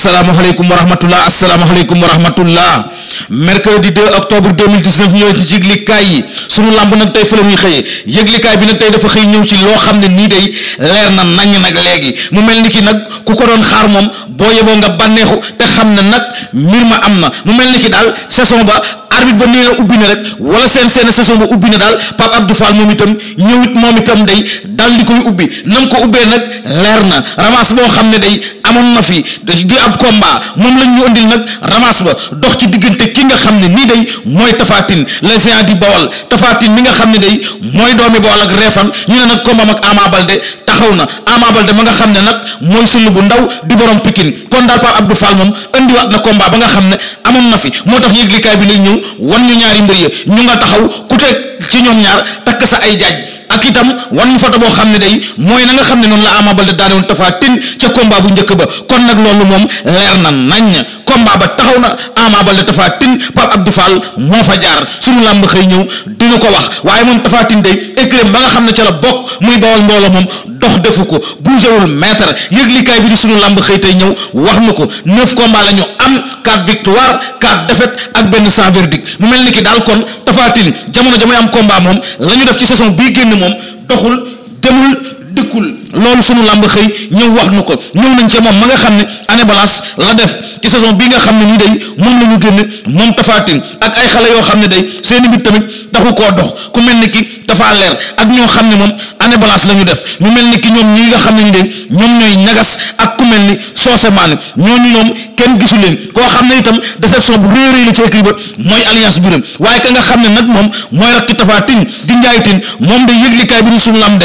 asalaamaaleykum wa rahmatullah asalaamaaleykum wa rahmatullah mercredi 2 octobre 2019 ñëw ci yëglikaay yi sunu lamb nag tey fële muy xëyee yëglikaay bi nag tey dafa xëy ñëw ci loo xam ne nii dey leer na naññ nag léegi mu mel ni ki nag ku ko doon xaar moom boo yeboo nga bànneexu te xam ne nag mbir ma am na mu mel ni ki daal saison ba arbitre ba nee na ubbi na rek wala seen seen saison ba ubbi na daal Pape Abdou Fall moom itam ñëwit moom itam day dal di koy ubbi nam ko ubbee nag leer na ramas boo xam ne day amoon na fi di ab komba moom lañ ñu indil nag ramas ba dox ci diggante ki nga xam ne nii day mooy tafaatin les géant di bawal tafaatin mi nga xam ne day mooy doomi bawal ak reefan ñu ne nag combat ak Ama Baldé taxaw na Ama Baldé ba nga xam ne nag mooy sulu bu ndaw di borom Pikine kon daal Pape Abdou Fall moom indiwaat na komba ba nga xam ne amoon na fi moo tax yëglikaay bi lay ñëw wan ñu ñaari mbër ya ñu nga taxaw ku te ci ñoom ñaar takk sa ay jaaj ak itam wan photo boo xam ne day mooy na nga xam ne noonu la Ama Baldé daane woon Tapha Tine ca combat bu njëkk ba kon nag loolu moom leer na nañ combat ba taxaw na Ama Baldé Tapha Tine Pape Abdou Fall moo fa jaar suñu làmb xëy ñëw dina ko wax waaye moom Tapha Tine day écrém ba nga xam ne ca la bokk muy bawal mbooloo moom dox defu ko bougéwul maître yëglikaay bi di suñu làmb xëy tey ñëw wax na ko neuf combat la ñu am quatre victoire quatre défaite ak benn sans verdict mu mel ni ki daal kon Tapha Tine jamono jamay am combat moom la ñu def ci saison bii génn moom doxul demul dikkul loolu sunu làmb xëy ñëw wax nu ko ñëw nañ ca moom ma nga xam ne année balance la def ci saison bi nga xam ne nii day moom la ñu génne moom tafaatin ak ay xale yoo xam ne day seeni mbir tamit taxu koo dox ku mel ni ki dafa leer ak ñoo xam ne moom année balance la ñu def ñu mel ni ki ñoom ñii nga xam ne ñu ñoom ñooy ñagas ak ku mel ni soose maane ñooñu ñoom kenn gisu leen koo xam ne itam déception bu rëy rëy la ci écrit ba mooy alliance waaye ka nga xam ne nag moom mooy rakki tafaatin di njaaytin moom day yëglikaay bi di sunu làmb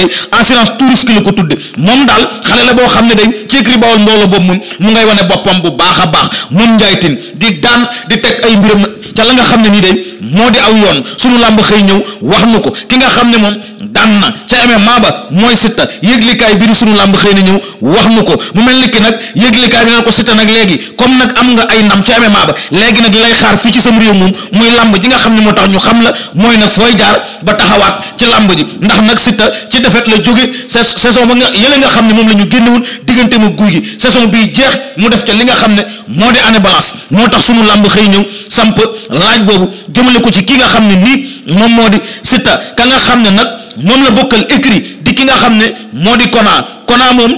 ko tudde tëdd moom daal xale la boo xam ne day ci écurie Bawol mbooloo boobu moom mu ngay wane boppam bu baax a baax moom Ndiaye Tine di daan di teg ay mbiram ca la nga xam ne nii de moo di aw yoon sunu làmb xëy ñëw wax nu ko ki nga xam ne moom daan na ca MMA ba mooy Siteu yëglikaay bi di sunu làmb xëy na ñëw wax nu ko mu mel ni ki nag yëglikaay bi naan ko Siteu nag léegi comme nag am nga ay nam ca MMA ba léegi nag lay xaar fii ci sama réew moom muy làmb ji nga xam ne moo tax ñu xam la mooy nag fooy jaar ba taxawaat ci làmb ji ndax nag Siteu ci defet la jóge saison ba nga yële nga xam ne moom la ñu génnewul diggante mu guy gi saison bii jeex mu def ca li nga xam ne moo di année balance moo tax sunu làmb xëy ñëw samp laaj boobu jëmale ko ci ki nga xam ne nii moom moo di Siteu ka nga xam ne nag moom la bokkal écrit di ki nga xam ne moo di Kona Kona moom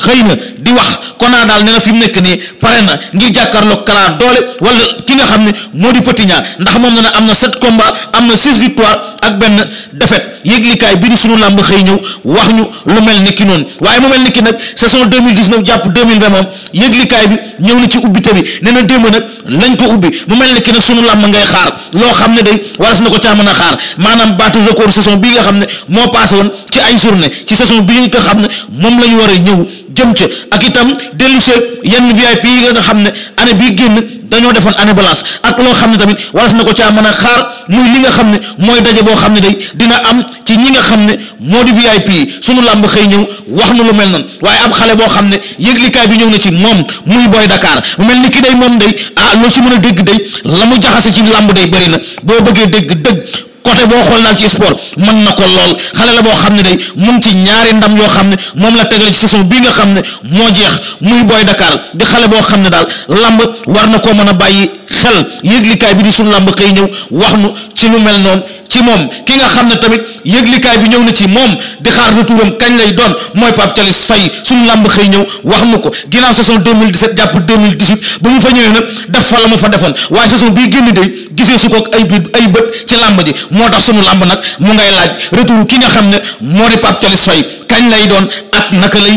xëy na di wax Kona daal ne na fi mu nekk nii pare na ngir jàkkaarloog Kala doole wala ki nga xam ne moo di Petit Niang ndax moom ne na am na sept combats am na six victoires ak benn defet yëglikaay bi di sunu làmb xëy ñëw wax ñu lu mel ni ki noonu waaye mu mel ni ki nag saison 2019 jàpp 2020 moom yëglikaay bi ñëw na ci ubbite bi nee na démb nag lañ ko ubbi mu mel ni ki nag sunu làmb ngay xaar loo xam ne day waras na ko caa mën a xaar maanaam baatu record saison bii nga xam ne moo passé woon ci ay journée ci saison bii nga xam ne moom lañu ñu war a ñëw jëm ca ak itam dellu seeg yenn VIP yi nga xam ne année bii génn dañoo defoon année balance ak loo xam ne tamit waras na ko caa mën a xaar muy li nga xam ne mooy daje boo xam ne day dina am ci ñi nga xam ne moo di VIP yi sunu làmb xëy ñëw wax na lu mel noonu waaye am xale boo xam ne yëglikaay bi ñëw na ci moom muy booy Dakar mu mel ni ki day moom day ah loo ci mën a dégg day la mu jaxase ci làmb day bëri na boo bëggee dégg dëgg côté boo xool daal ci sport mën na ko lool xale la boo xam ne day mu ngi ci ñaari ndam yoo xam ne moom la tegale ci saison bii nga xam ne moo jeex muy booy Dakar di xale boo xam ne daal lamb war na koo mën a bàyyi xel yëglikaay bi di sunu làmb xëy ñëw wax nu ci lu mel noon ci moom ki nga xam ne tamit yëglikaay bi ñëw na ci moom di xaar retouram kañ lay doon mooy Pape Thialis Faye sunu làmb xëy ñëw wax nu ko ginnaaw saison 2017 jàpp 2018 ba mu fa ñëwee nag def fa la mu fa defoon waaye saison bii génn de gisee su ko ay ay bët ci làmb ji moo tax sunu làmb nag mu ngay laaj retour ki nga xam ne moo di Pape Thialis fay kañ lay doon ak naka lay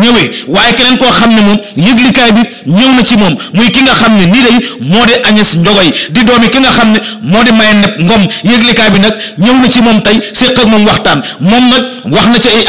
ñëwee waaye keneen koo xam ne moom yëglikaay bi ñëw na ci moom muy ki nga xam ne nii lay moo di Agnès Njogoy di doomi ki nga xam ne moo di maye nepp ngom yëglikaay bi nag ñëw na ci moom tey moom waxtaan moom nag wax na ci ay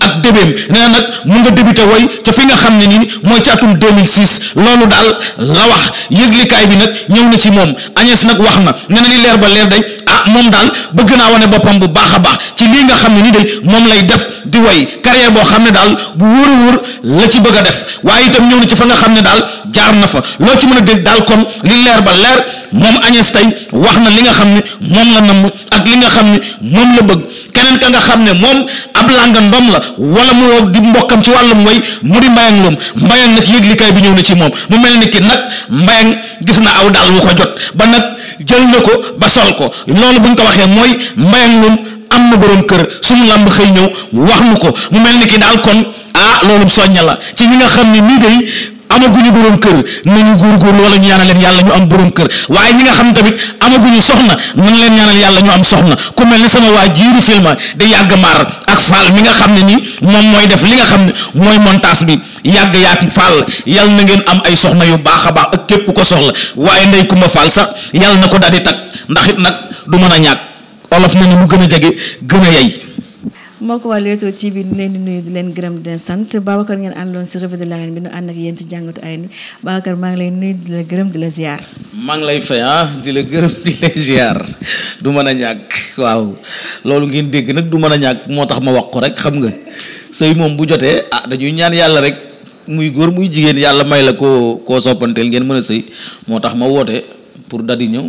ak débéem nee na nag mu nga débuté woy ca fi nga xam ne nii mooy ci atum 2006 loolu daal la wax yëglikaay bi nag ñëw na ci moom Agnès nag wax na nee leer ba leer day ah moom daal bëgg naa wane boppam bu baax a baax ci lii nga xam ne nii day moom lay def di way carrière boo xam ne daal bu wóor a wóor la ci bëgg a def waaye itam ñëw na ci fa nga xam ne daal jaar na fa loo ci mën a dégg daal kon li leer ba leer moom Agnès tey wax na li nga xam ne moom la namm ak li nga xam ne moom la bëgg keneen ka nga xam ne moom ab langa ndom la wala mu woo di mbokkam ci wàllum way mu di mbayang loom mbayang nag yëglikaay bi ñëw na ci moom mu mel ni ki nag mbayang gis na aw daal wu ko jot ba nag jël na ko ba sol ko loolu am na borom kër suñu làmb xëy ñëw wax nu ko mu mel ni ki daal kon ah loolu soñña la ci ñi nga xam ne nii day amaguñu borom kër nañu góorgóorlu wala ñu ñaanal leen yàlla ñu am borom kër waaye ñi nga xam tamit amaguñu soxna nañ leen ñaanal yàlla ñu am soxna ku mel ni sama waa jiiru filma di yàgg maar ak faal mi nga xam ne nii moom mooy def li nga xam ne mooy montage bi yàgg yaag faal yal na ngeen am ay soxna yu baax a baax ak képp ko soxla waaye ndey kumba faal sax yàlla na ko daal di takk ndax it nag du mën a ñàkk. olof na ni mu gën a jege gën a yey. moo ko waa Leewtoo TV di leen di nuyu di leen gërëm di leen sant Babacar ngeen àndaloon si revue de l'arène bi nu ànd ak yéen si jàngatu ay bi Babacar maa ngi lay nuyu di la gërëm di la ziar. maa ngi lay fay ah di la gërëm di la ziar du mën a ñàkk waaw loolu ngeen dégg nag du mën a ñàkk moo tax ma wax ko rek xam nga sëy moom bu jotee ah dañuy ñaan yàlla rek muy góor muy jigéen yàlla may la koo koo soppanteel ngeen mën a sëy moo tax ma woote pour dadi ñëw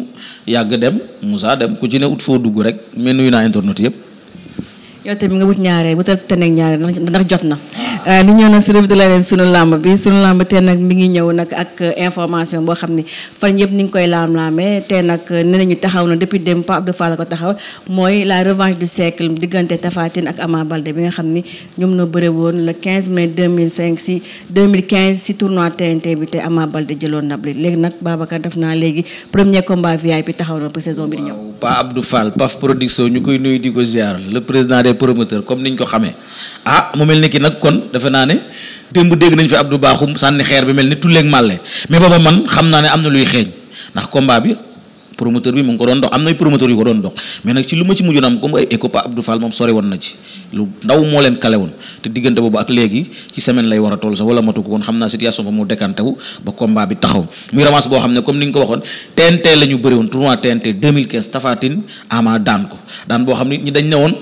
yàgg dem Moussa dem ku ci ne ut foo dugg rek mais nuyu naa internet yëpp. yow tamit nga wut ñaareel wutal te nekk ñaareel ndax jot na. ñu euh, ñëw nag si revue de l'arène sunu làmb bi sunu làmb tey nag mi ngi ñëw nag ak euh, information boo xam ni fan yëpp ni ngi koy laam-laamee tey nag euh, nee nañu taxaw na depuis démb Pape Abdou ko taxaw mooy la revanche du siècle diggante Tapha Tine ak Ama bi nga xam ni ñoom ñoo bëre woon le 15 mai 2005 si 2015 si tournoi TNT bi te Ama Baldé jëloon ndab li léegi nag Babacar def naa léegi premier combat VIP taxaw na pour saison bi di ñëw. Pape ñu koy nuyu di ko ziar le président des promoteurs comme niñ ko xamee. ah mu mel ni ki nag kon defe naa ne démb dégg nañ fi Abdou Bakhoum sànni xeer bi mel ni tulleeg màlle mais booba man xam naa ne am na luy xeeñ ndax combat bi promoteur bi mu ngi ko doon dox am nay promoteur yu ko doon dox mais nag ci lu ma ci mujjoon na ci moo leen kale woon te diggante boobu ak léegi ci semaine lay war a toll sax wala matu ko kon xam naa situation ba mu décanté wu ba combat bi taxaw muy revanche boo xam ne comme ni nga ko waxoon TNT la ñu bëri woon tournoi TNT 2015 Tapha Tine Ama daan ko daan boo xam ne ñi dañ ne woon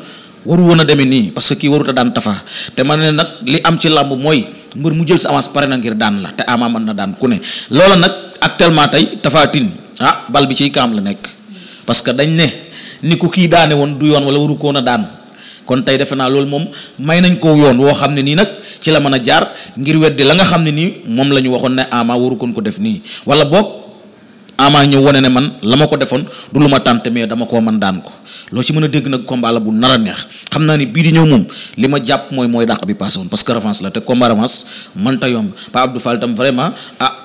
waru woon a deme nii parce que kii warut a daan tafa te ma ne nag li am ci làmb mooy mbër mu jël sa avance pare na ngir daan la te ama mën na daan ku ne loola nag actuellement tey tafaatin ah bal bi ciy kaam la nekk parce que dañ ne ni ku kii daane woon du yoon wala waru koon a daan kon tey defe naa loolu moom may nañ ko yoon woo xam ne nii nag ci la mën a jaar ngir weddi la nga xam ne nii moom la ñu waxoon ne ama waru koon ko def nii wala boog amaa ñëw wane ne man la ma ko defoon du lu ma tànte mais dama koo mën daan ko loo ci mën a dégg nag combat la bu nar a neex xam naa ni bii di ñëw moom li ma jàpp mooy mooy dàq bi passé parce que revanche la te combat revanche mënta yomb ah,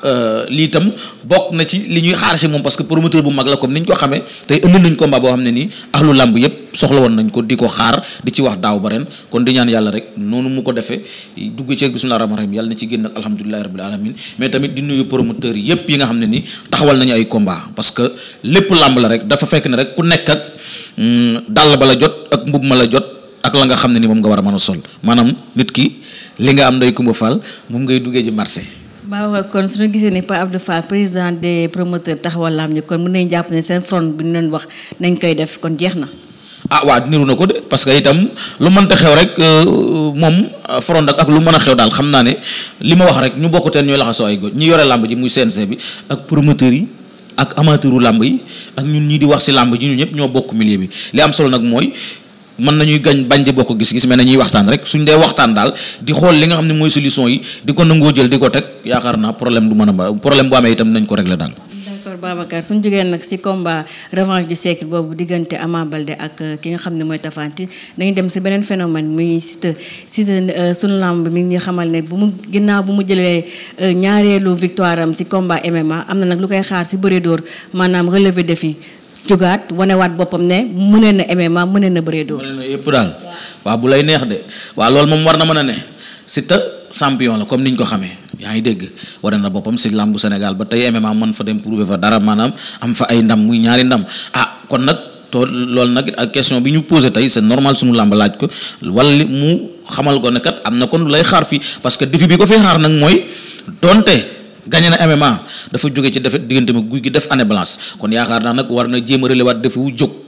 euh, na ci li ñuy xaar si moom parce que promoteur bu mag la comme ni ñu ko ci wax daaw ba ñaan yàlla rek noonu mu ko dugg ci bismillah rahmaan na ci génn ak alhamdulillahi rabbil alamin mais tamit di nuyu yëpp yi nga xam ne ni taxawal nañu ay combat parce que lépp làmb la rek dafa fekk ne rek ku nekk ak Mm, dàll ba la jot ak mbub ma la jot ak la nga xam ne ni moom nga war a mën a sol maanaam nit ki li nga am nday Kumba Fall moom ngay duggee ji marché. waaw kon su suñu gisee ni Pape Abdou Fall président des promoteurs taxawal laam ñu kon mën nañ jàpp ne seen front bi ñu leen wax nañ koy def kon jeex na. ah waaw niru na ko de parce que itam lu mënta xew rek euh, moom euh, front ak lu mën a xew daal xam naa ne li ma wax rek ñu bokk teen ñooy laxasoo ay góor ñi yore làmb ji muy CNG bi ak promoteurs yi. ak amateuru làmb yi ak ñun ñi di wax si làmb ji ñu ñëpp ñoo bokk milieu bi li am solo nag mooy mën nañuy gañ bañ di bokk gis-gis mais nañuy waxtaan rek suñ dee waxtaan daal di xool li nga xam ne mooy solution yi di ko nangoo jël di ko teg yaakaar naa problème du mën a problème bu amee itam nañ ko régler daal Babacar suñu jógee nag si combat revanche du siècle boobu diggante Ama Baldé ak euh, ki nga xam ne mooy Tapha Tine dañu dem si beneen phénomène muy Siteu Siteu euh, suñu lamb mi ngi ne bu mu ginnaaw bu mu jëlee euh, ñaareelu victoire am si combat MMA am na nag lu koy xaar si bëre dóor maanaam relevé défi jugaat wanewaat boppam ne mu mënee na MMA mënee na bëre dóor. mënee na yëpp daal waaw bu lay neex de waaw loolu moom war na mën a ne Siteu champion la comme niñ ko xamee yaa ngi dégg war na boppam si làmbu Sénégal ba tey MMA mën fa dem prouver fa dara maanaam am fa ay ndam muy ñaari ndam ah kon nag to loolu nag ak question bi ñu posé tey c'est normal suñu làmb laaj ko wala mu xamal ko ne kat am na kon lu lay xaar fi parce que défi bi ko fii xaar nag mooy donte. gañe na MMA dafa jóge ci defe diggante ma guy gi def année blanche kon yaakaar naa nag war na jéem a relewaat defu jóg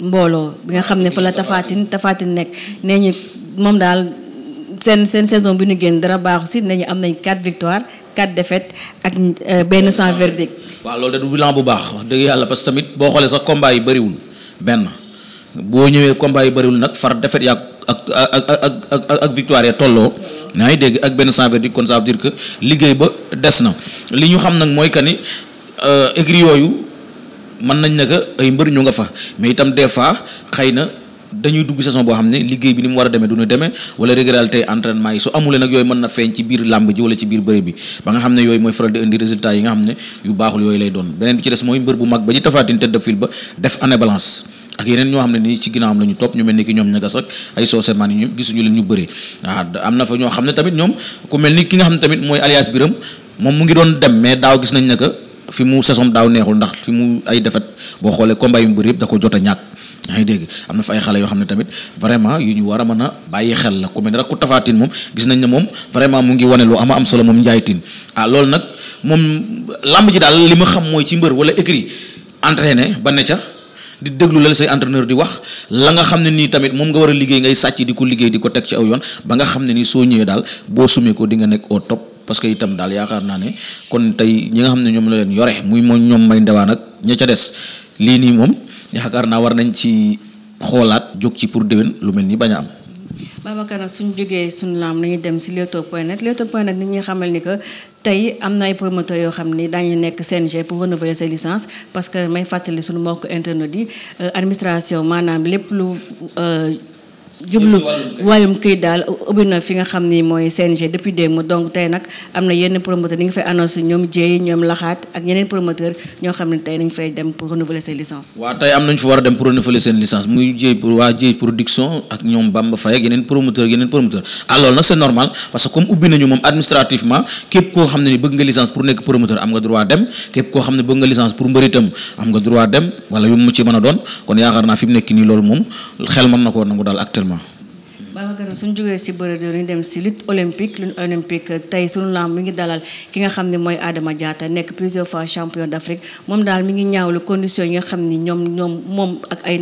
mbooloo bi nga xam ne fa la tafaatin tafaatin nekk nee ñu moom daal seen seen saison bi ñu génn dara baaxu si nee ñu am nañ 4 victoire 4 defet ak euh, benn sans verdict. waaw loolu da du bilan bu baax wax dëgg yàlla parce que tamit boo xoolee sax combat yi bëriwul benn boo ñëwee combat yi bëriwul nag far défaite yaa ak ak ak ak ak victoire ya tolloo. yaa ngi dégg ak benn sans verdict kon ça veut que liggéey ba des na li ñu xam nag mooy que ni écrits euh, yooyu. mën nañ ne ay mbër ñu nga fa mais itam des fois xëy dañuy dugg saison boo xam ne liggéey bi ni mu war a demee du ñu demee wala régularité entraînement yi su amulee nag yooyu mën na feeñ ci biir làmb ji wala ci biir bëri bi ba nga xam ne yooyu mooy faral di indi résultat yi nga xam ne yu baaxul yooyu lay doon beneen bi ci des mooy mbër bu mag ba ñu tafaatin tête de file ba def année balance ak yeneen ñoo xam ne nii ci ginnaawam la topp ñu mel fi mu saison daaw neexul ndax fi mu ay defet boo xoolee combat yu mu bëri yëpp da ko jot a ñàkk ngi dégg am na fa ay xale yoo xam ne tamit vraiment ñu war a mën a bàyyi xel la ku mel ne rek moom gis nañ ne moom vraiment mu ngi wane lu ama am solo moom njaaytin ah loolu nag moom làmb ji daal li ma xam mooy ci mbër wala écrit entraîné ba ne ca di déglu la say entraîneur di wax la nga xam ne nii tamit moom nga war a liggéey ngay sàcc liggéey di ko teg ci aw yoon ba nga xam ne nii soo ñëwee daal boo sumee ko di nekk au top parce que itam daal yaakaar naa ne kon tey ñi nga xam ne ñoom la leen yore muy moom ñoom may ndewaan ak ña ca des lii nii moom yaakaar naa war nañ ci xoolaat jóg ci pour déwén lu mel ni bañ a am. Babacar nag suñ jógee suñu laam nañu dem si Leewtoo point net Leewtoo point net nit ñi xamal ni que tey am na ay promoteurs yoo xam ni daañu nekk seen CNG pour renouveler sa licence parce que may fàttali suñu mbokk internet yi euh, administration maanaam lépp lu. Euh, jublu wàllum këyit daal ubbi na fi nga xam ni mooy CNG depuis démb donc tey nag am na yenn promoteur yi nga fay annoncé ñoom jéey ñoom laxaat ak yeneen promoteur ñoo xam ne tey nag c'est parce que comme ubbi nañu moom administrativement képp koo xam ne ni bëgg nga licence pour nekk promoteur am nga droit dem képp koo xam ne bëgg nga licence pour mbër am nga droit dem wala yu mu ci mën a doon kon yaakaar naa fi nekk nii loolu moom Babacar suñ jógee si bëre ñu dem si lutte olympique lutte olympique tey suñu lamb mi ngi dalal ki nga xam ne mooy Adama Diatta nekk plusieurs fois champion d'Afrique moom daal mi ngi ñaawlu condition yi nga xam ni ñoom ñoom moom ak ay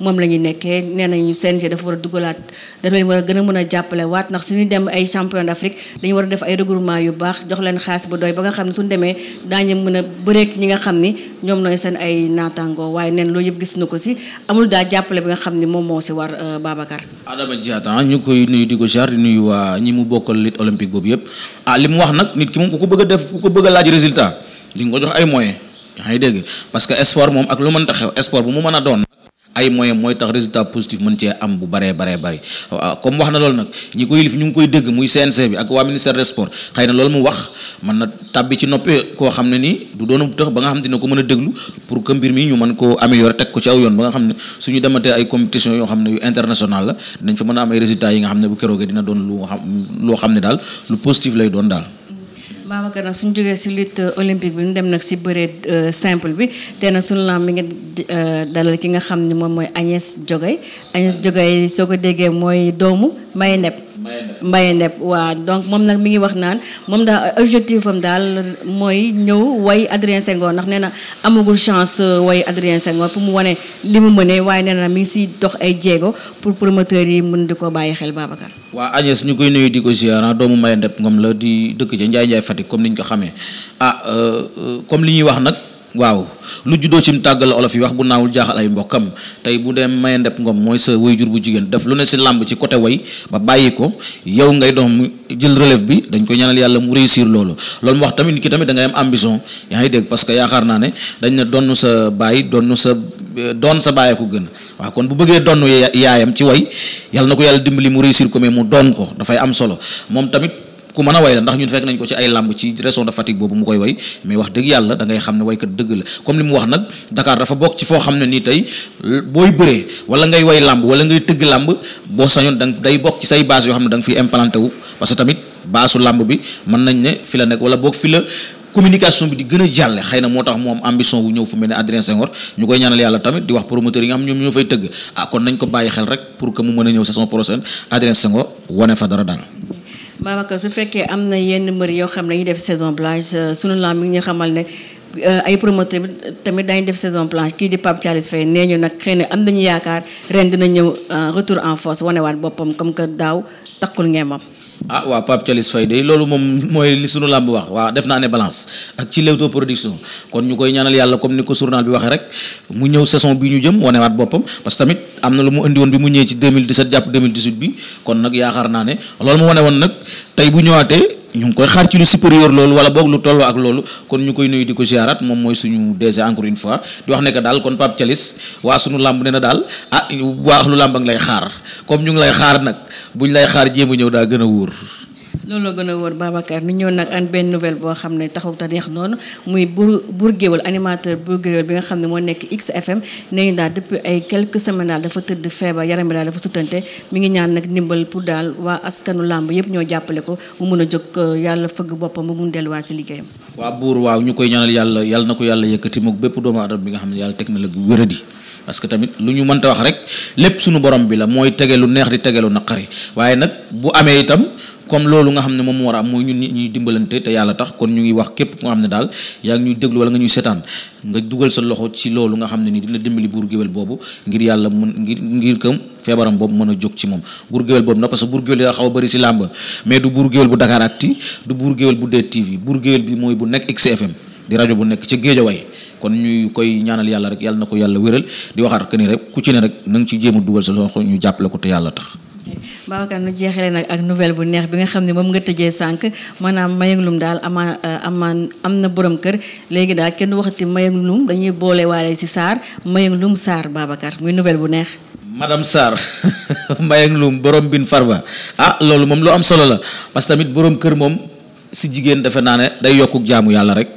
moom la ñu nekkee nee nañu CNG dafa war a dugalaat dafa leen gën a mën a jàppale waat ndax dem ay champion d'Afrique dañu war a ay regroupement yu baax jox xaalis bu doy ba nga xam ne suñu demee daañu mën a bëreek ñi nga xam ni ñoom nooy seen ay naataangoo waaye neen loolu yëpp gis na ko si amul daa jàppale bi nga xam ni moom moo si war euh, Babacar Diatta ñu koy nuyu di ko char di nuyu waa ñi mu bokkal lutte olympique boobu yëpp ah li mu wax nag nit ki moom ku ko bëgg a def ku ko bëgg laaj résultat di nga ko jox ay moyens yaa ngi dégg parce que sport moom ak lu mënta xew sport bu mu mën a doon ay moyen mooy tax résultat positif mën cee am bu baree baree bëri ah, comme wax na loolu nag ñi ko yilif ñu ngi koy dégg muy CNG bi ak waa ministère des sports xëy na loolu mu wax man na tàbbi ci noppee koo xam ne nii du doon tax ba nga xam dina ko mën a pour mbir mi ñu mën koo améliorer teg ko ci aw yoon ba nga xam ne suñu dematee ay compétition yoo xam ne yu international la dañ fa mën a am ay résultats yi nga xam ne bu keroogee dina doon lu xam loo xam ne daal lu positif lay doon daal Babacar nag suñ jógee si lutte olympique bi ñu dem nag si bëree euh, simple bi te nag suñu laa mi ngi euh, dalal ki nga xam ne moom mooy Agnès Diogaye Agnès Diogaye soo ko déggee mooy doomu may nepp Mbaye Ndeb waaw donc moom nag mi ngi wax naan moom daal objectif am daal mooy ñëw way Adrien Senghor ndax nee na amagul chance euh, way Adrien Senghor pour mu wane li mu mënee waaye nee na mi ngi si dox ay jéego pour promoteurs yi mën di ko bàyyi xel Babacar. waaw Agnès ñu koy nuyu di ko ziar ah, doomu Mbaye Ndeb moom la di dëkk ca Njaay Njaay Fatick comme ni ñu ko xamee ah euh, euh, comme li ñuy wax nag. waaw lu juddoo cim mu la olof yi wax bu naawul jaaxal ay mbokkam tey bu dee maye ndeb ngom mooy sa way jur bu jigéen def lu ne si làmb ci côté way ba bàyyi ko yow ngay mu jël relève bi dañ ko ñaanal yàlla mu réussir loolu loolu mu wax tamit ki tamit da ngay am ambition yaa ngi dégg parce que yaakaar naa ne dañ ne donn sa baay donn sa doon sa baay ko gën waaw kon bu bëggee donn yaayam ci way yàlla na ko yàlla dimbali mu réussir ko mais mu doon ko dafay am solo ku mën a way la ndax ñun fekk nañ ko ci ay làmb ci région de Fatick boobu mu koy way mais wax dëgg yàlla da xam ne waykat dëgg la comme li mu wax nag Dakar wala ngay way làmb wala tëgg làmb boo sañoon da day bokk ci say base yoo xam ne da nga fiy implanté wu que tamit baasu làmb bi mën nañ ne la wala boog fi communication bi di gën jàlle xay na moo tax moom ambition bu ñëw fu mel ne Adrien Senghor ñu koy ñaanal yàlla tamit di wax promoteur yi nga xam ñoom ñoo fay tëgg ah kon nañ ko bàyyi xel rek pour que mu mën a ñëw saison prochaine Adrien Senghor wane fa dara daal Babacar su fekkee am na yenn mbër yoo xam ne dañuy def saison blanche euh, sunu lamb mi ngi ñu xamal ne euh, ay promoteur tamit dañuy def saison blanche kii di Pape Thialis Faye nee ñu nag xëy na am nañu yaakaar ren dina ñëw euh, retour en force wanewaat boppam comme que daaw takkul ngéemam ah waaw Pape Thialis Faye de loolu moom mooy li sunu làmb wax waaw def naa ne balance ak ci Leewtoo production kon ñu koy ñaanal yàlla comme ni ko journal bi waxee rek mu ñëw saison bi ñu jëm wanewaat boppam parce tamit am na lu mu indi woon bi mu ñëwee ci 2017 jàpp 2018 bi kon nag yaakaar naa ne loolu mu wane woon nag tey bu ñëwaatee ñu ngi koy xaar ci lu supérieur loolu wala boog lu tolloo ak loolu kon ñu koy nuyu di ko ziarat moom mooy suñu DG encore une fois di wax ne que daal kon Pape Thialis waa suñu làmb ne na daal ah waa lu làmb lay xaar comme ñu ngi lay xaar nag ñu lay xaar jéem a ñëw daa gën a wóor loolu la gën a wóor Babacar ñu ñëw nag an benn nouvelle boo xam ne taxaw ta neex noonu muy buur buur géwél animateur buur géwél bi nga xam ne moo nekk XFM f ñu daal depuis ay quelques semaines daal dafa tëdd feebar yaram bi daal dafa sutante mi ngi ñaan nag ndimbal pour daal waa askanu làmb yëpp ñoo jàppale ko mu mun a jóg euh, yàlla fëgg boppam bu mun delluwaat ci liggéeyam waa buur waaw ñu koy ñaanal yàlla yàlla na ko yàlla yëkkati mook bépp doomu aadama bi nga xam ne yàlla teg na la wéradi parce que tamit lu ñu mënta wax rek lépp suñu borom bi la mooy tege neex di tege lu naqari waaye nag comme loolu nga xam ne moom moo war a mooy ñun ñuy dimbalante te yàlla tax kon ñu ngi wax képp nga xam ne daal yaa ngi ñuy déglu wala nga ñuy setaan nga dugal sa loxo ci loolu nga xam ne ni dina dimbali buur géwél boobu ngir yàlla mën ngir ngir kam feebaram boobu mën a jóg ci moom buur géwél boobu nag parce que buur géwél xaw a si làmb mais du bu Dakar Actu du buur géwél bu DTV buur géwél bi mooy bu nekk XFM di rajo bu nekk ca way kon ñuy koy ñaanal yàlla rek yàlla na ko yàlla wéral di waxaat rek ku ci ne rek nga ci jéem a dugal sa loxo ñu jàppale ko te yàlla tax Babacar nu jeexalee nag ak nouvelle bu neex bi nga xam ne moom nga tëjee sànq maanaam mayanglum daal ama euh, amaan am na boroom kër léegi daal kenn waxati mayanglum dañuy boole waale si Sarr mayanglum saar Babacar muy nouvelle bu neex. madame Sarr mayanglum borom bin farba ah loolu moom lu am solo la parce que tamit boroom kër moom si jigéen defe naa ne day yokku jaamu yàlla rek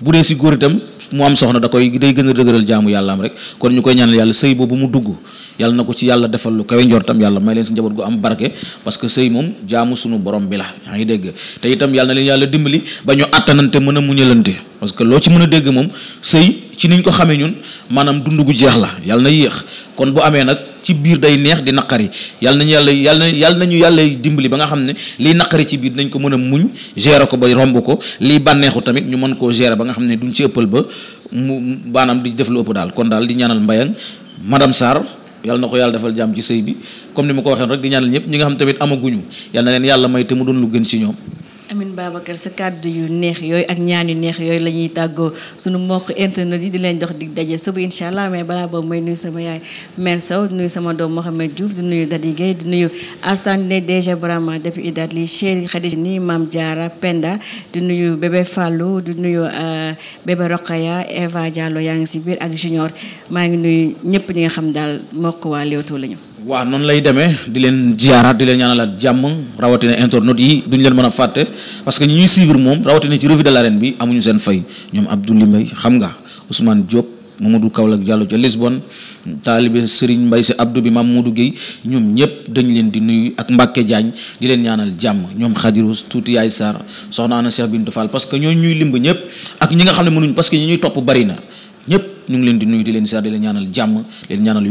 bu dee si góor itam. mu am soxna da koy day gën a dëgëral jaamu yàllaam rek kon ñu koy ñaanal yàlla sëy boobu mu dugg yàlla na ko ci yàlla defal lu kawe yàlla may leen si njaboot gu am barke parce sëy moom jaamu sunu borom bi la yaa ngi dégg te itam yàlla na leen yàlla dimbali ba ñu àttanante mën a muñalante parce loo ci mën a dégg moom sëy ci niñ ko xamee ñun maanaam dund gu jeex la yàlla na yéex kon bu amee nag ci biir day neex di naqari yàlla nañu yàlla yàlla yàlla nañu yàlla dimbali ba nga xam ne liy naqari ci biir dinañ ko mën a muñ gérer ko ba romb ko liy bànneexu tamit ñu mën koo gérer ba nga xam ne duñ ci ëppal ba mu baanaam di def lu ëpp daal kon daal di ñaanal mbayang madame Sarr yàlla na ko yàlla defal jàmm ci sëy bi comme ni ma ko waxee rek di ñaanal ñëpp ñu nga xam tamit amaguñu yàlla na leen yàlla may te mu doon lu gën ci ñoom amin Babacar sa kàddu yu neex yooyu ak ñaan yu neex yooyu la ñuy tàggoo sunu mbokk internet yi di leen dox dig daje suba incha allah mais balaa boobu mooy nuyu sama yaay mère Sow di nuyu sama doom Mohamed Diouf di nuyu Dadi Gueye di nuyu Astandine DG Brahma depuis Idaat li chéri Khadija ni maam Diarra Penda di nuyu bébé Fallou di nuyu euh, bébé Rokhaya Eva Diallo yaa ngi si biir ak Junior maa ngi nuyu ñëpp ñi nga xam daal mbokk waa Leewtoo la ñu. waaw noonu lay demee di leen jiyaaraat di leen ñaanalaat jàmm rawatina internautes yi duñ leen mën a fàtte parce que ñi ñuy suivre moom rawatina ci revue de l'arène bi amuñu seen fay ñoom Abdoulaye Mbaye xam nga Ousmane Diop Mamadou Kaolack Diallo ca Lisbonne taalibe Serigne Mbaye si Abdou bi ma Mamadou Guèye ñoom ñëpp dañ leen di nuyu ak Mbacke jaañ di leen ñaanal jàmm ñoom Khadiros tuuti Yaay Sarr soxna Ana Cheikh Bintou Fall parce que ñoo ñuy limb ñëpp ak ñi nga xam ne mënuñ parce que ñi ñuy topp bari na ñu ngi leen di nuyu di leen ziar ñaanal jàmm di leen ñaanal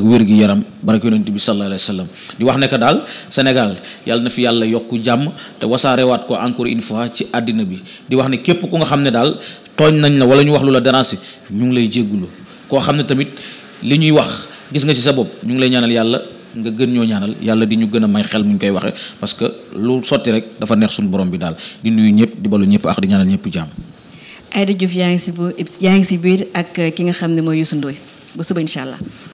wér gi yaram barke yonent bi sallallahu alayhi wasallam di wax ne que daal Sénégal yàlla na fi yàlla yokku jàmm te wasaarewaat ko encore une fois ci àddina bi di wax ne képp ku nga xam ne daal tooñ nañ la wala ñu wax lu la déranger ñu ngi lay jéggulu koo xam ne tamit li ñuy wax gis nga ci sa bopp ñu ngi lay ñaanal yàlla nga gën ñoo ñaanal yàlla di ñu gën a may xel ñu koy waxee parce que lu sotti rek dafa neex suñu borom bi daal di nuyu ñëpp di balu ñëpp ak di ñaanal ñëpp jàmm Aïda Diouf yaa ngi si bu yaa ngi si biir ak euh, ki nga xam ne mooy Youssou Ndoye ba suba incha allah.